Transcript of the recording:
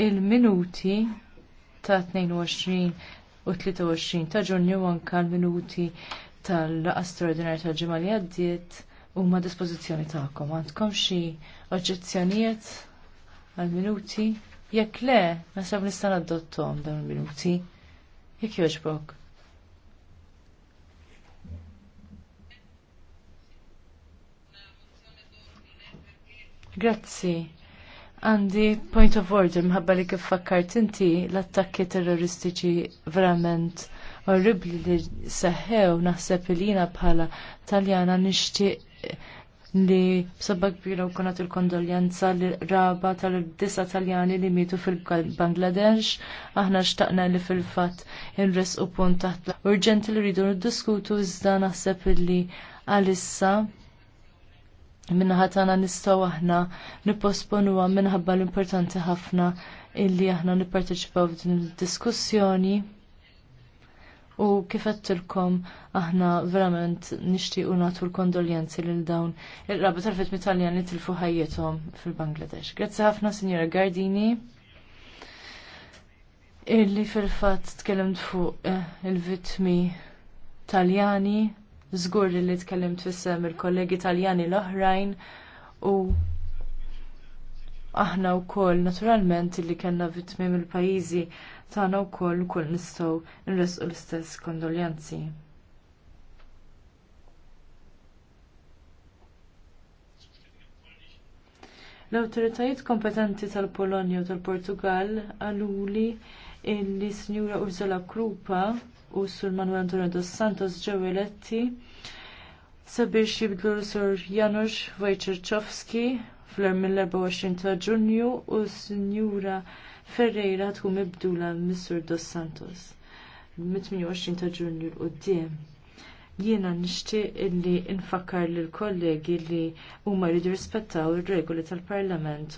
il-minuti ta' 22 u 23 ta' ġunju anka l-minuti tal-laqa straordinarja tal-ġimgħa li għaddiet huma dispożizzjoni tagħkom. Għandkom xi oġġezzjonijiet għal-minuti? Jekk le, nasab nista' nadottahom dawn il-minuti. Jekk jogħġbok. Grazzi. Għandi point of order mħabba li kif fakkart inti l-attakki terroristiċi verament orribli li seħħew naħseb li jina bħala taljana nixtieq li b'sabba kbira u konat il-kondoljanza li raba tal-disa taljani li mitu fil-Bangladesh, aħna xtaqna li fil-fat inres u punt taħt urġenti li rridu diskutu iżda naħseb li għalissa minna ħatana nistaw aħna nipposponuwa minħabba l-importanti ħafna illi aħna nipparteċipaw f'din id-diskussjoni. U tilkom aħna verament nixtiequ nagħtu l-kondoljenzi lil dawn il rabba tal-fit mitaljan li tilfu ħajjithom fil-Bangladesh. Grazzi ħafna Signora Gardini illi fil-fatt t fuq eh, il-vitmi Taljani żgur li tkellimt fissem il-kollegi Taljani l-oħrajn u aħna wkoll naturalment li kellna vittmi mill-pajjiżi tagħna wkoll ukoll nistgħu nresqu l-istess kondoljanzi. L-awtoritajiet kompetenti tal-Polonja u tal-Portugal għaluli li il-Sinjura Ursula Krupa u Sur Manuel Antonio dos Santos ġew eletti sabiex jibdlu l-Sur Janusz Wojciechowski fl mill-24 ta' ġunju u Sinjura Ferreira tkun mibdula Missur dos Santos mit-28 ta' ġunju l-qoddim jiena nixtieq illi nfakkar lill kollegi li huma jridu rispettaw ir-regoli tal-Parlament